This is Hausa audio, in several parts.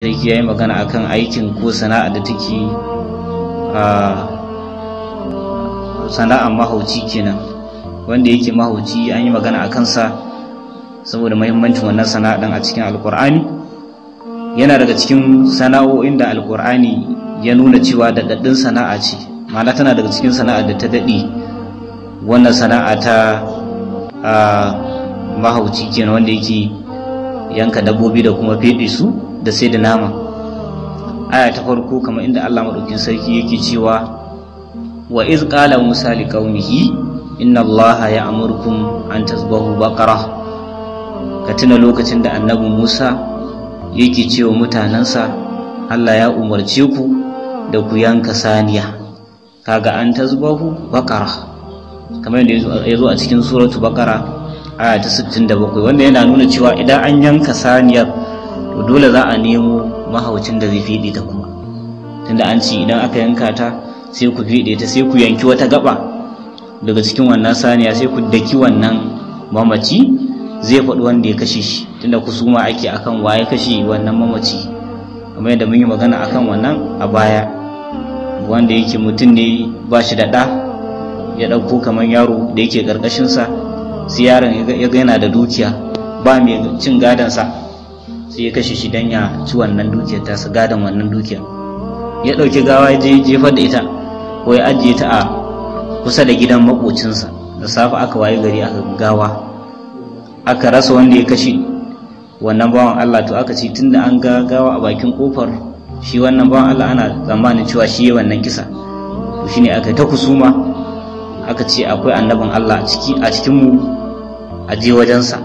sarki ya yi magana akan aikin ko sana'a da take a sana'a mahauci kenan wanda yake mahauci an yi magana a kansa saboda muhimmancin wannan sana'a ɗin a cikin alkur'ani yana daga cikin sana'o'in da alkur'ani ya nuna cewa daɗaɗɗin sana'a ce ma'ana tana daga cikin sana'a da ta daɗe wannan sana'a ta mahauci kenan wanda yake yanka dabbobi da kuma feɗe su da sai da nama aya ta farko kamar inda Allah madaukin sarki yake cewa wa iz qala musa qaumihi inna allaha ya'murukum an tasbahu baqara ka tuna lokacin da annabi musa yake cewa mutanansa Allah ya umarce ku da ku yanka saniya kaga an tasbahu baqara kamar yadda ya zo a cikin suratu baqara aya ta 67 wanda yana nuna cewa idan an yanka saniyar to dole za a nemo mahaucin da zai fiɗe ta kuma tunda an ce idan aka yanka ta sai ku fiɗe ta sai ku yanki wata gaba daga cikin wannan saniya sai ku daki wannan mamaci zai faɗi wanda ya kashe shi tunda ku suma ake akan wa ya kashe wannan mamaci kamar yadda mun yi magana akan wannan a baya wanda yake mutum ne ba shi da ɗa ya ɗauko kamar yaro da yake ƙarƙashinsa sai yaron ya ga yana da dukiya ba mai cin sa. sai ya kashe shi dan ya ci wannan dukiyar ta gadon wannan dukiyar ya ɗauki gawa ya je jefar da ita ko ya ajiye ta a kusa da gidan makocinsa da safe aka waye gari aka gawa aka rasa wanda ya kashe wannan bawan Allah to aka ce tunda an ga gawa a bakin kofar shi wannan bawan Allah ana zamanin cewa shi ya wannan kisa to shine aka ta kusuma aka ce akwai annabin Allah a ciki a cikin mu a je wajensa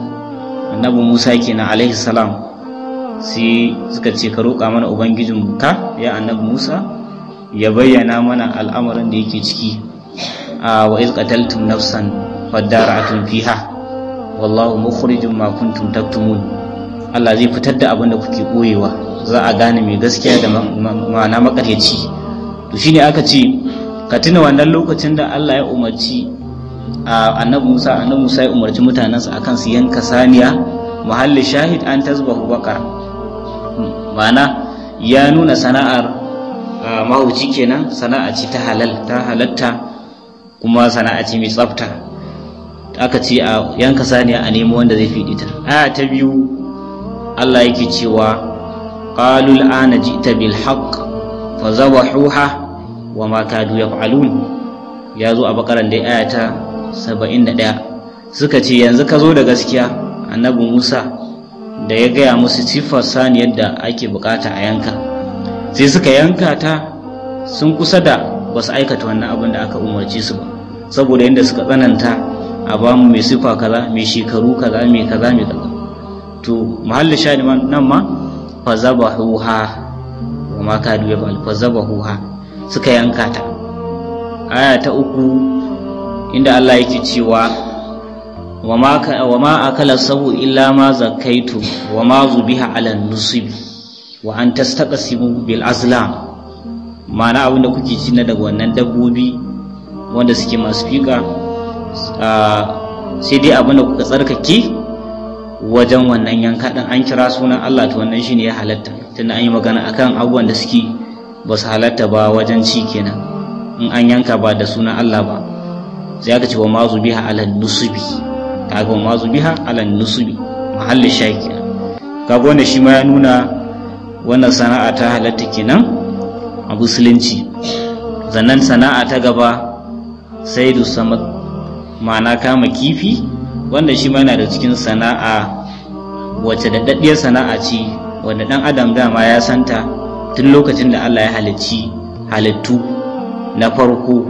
annabi Musa kenan alaihi salam sai suka ce ka roƙa mana ubangijin ka ya annabi musa ya bayyana mana al'amarin da yake ciki a wa iz qataltum nafsan fadara'atun fiha wallahu mukhrijum ma kuntum taktumun Allah zai fitar da abin da kuke koyewa za a gane mai gaskiya da ma'ana makaryaci to shine aka ce ka tuna wannan lokacin da Allah ya umarci annabi Musa annabi Musa ya umarci mutanensa akan su yanka saniya Muhalli shahid an tasbahu baqara mana hmm. ya nuna sana'ar mahauci kenan sana'a ce ta halal halatta kuma sana'a ce mai tsafta aka ce a yanka saniya a nemo wanda zai fiɗi ta aya ta biyu Allah yake cewa qalul ana ji'ta bil haqq fa zawahuha wa ma kadu yaf'alun ya zo a bakaran dai aya ta 71 suka ce yanzu ka zo da gaskiya annabi Musa da ya gaya musu cifar saniyar da ake bukata a yanka sai suka yanka ta sun kusa da ba su aikata wannan abin da aka umarci su ba saboda yadda suka tsananta a ba mu mai sifa kaza mai shekaru kaza mai kaza mai kaza to mahallin sha nan ma fa huha wa ma duwe ba, fa huha suka yanka ta aya ta uku inda Allah yake cewa wa ma akala sabu illa ma zakaitu wa ma zubiha ala nusubi. wa an tastaqsimu bil azlam ma'ana abin da kuke ci na daga wannan dabbobi wanda suke masu sai dai abin da kuka tsarkake wajen wannan yanka din an kira sunan Allah to wannan shine ya halatta tunda an yi magana akan abubuwan da suke ba su halatta ba wajen ci kenan in an yanka ba da sunan Allah ba Zai aka ce wa ma zubiha ala nusubi. kaga mazu biha ala nusubi mahallin shaki Ka gona shi ma ya nuna wannan sana'a ta halatta kenan a musulunci zannan sana'a ta gaba sai da sama ma'ana kama kifi wanda shi ma yana da cikin sana'a Wace daɗaɗɗiyar sana'a ce wanda ɗan adam dama ya santa tun lokacin da Allah ya halicci halittu na farko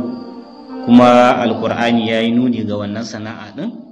kuma alkur'ani ya yi nuni ga wannan sana'a ɗin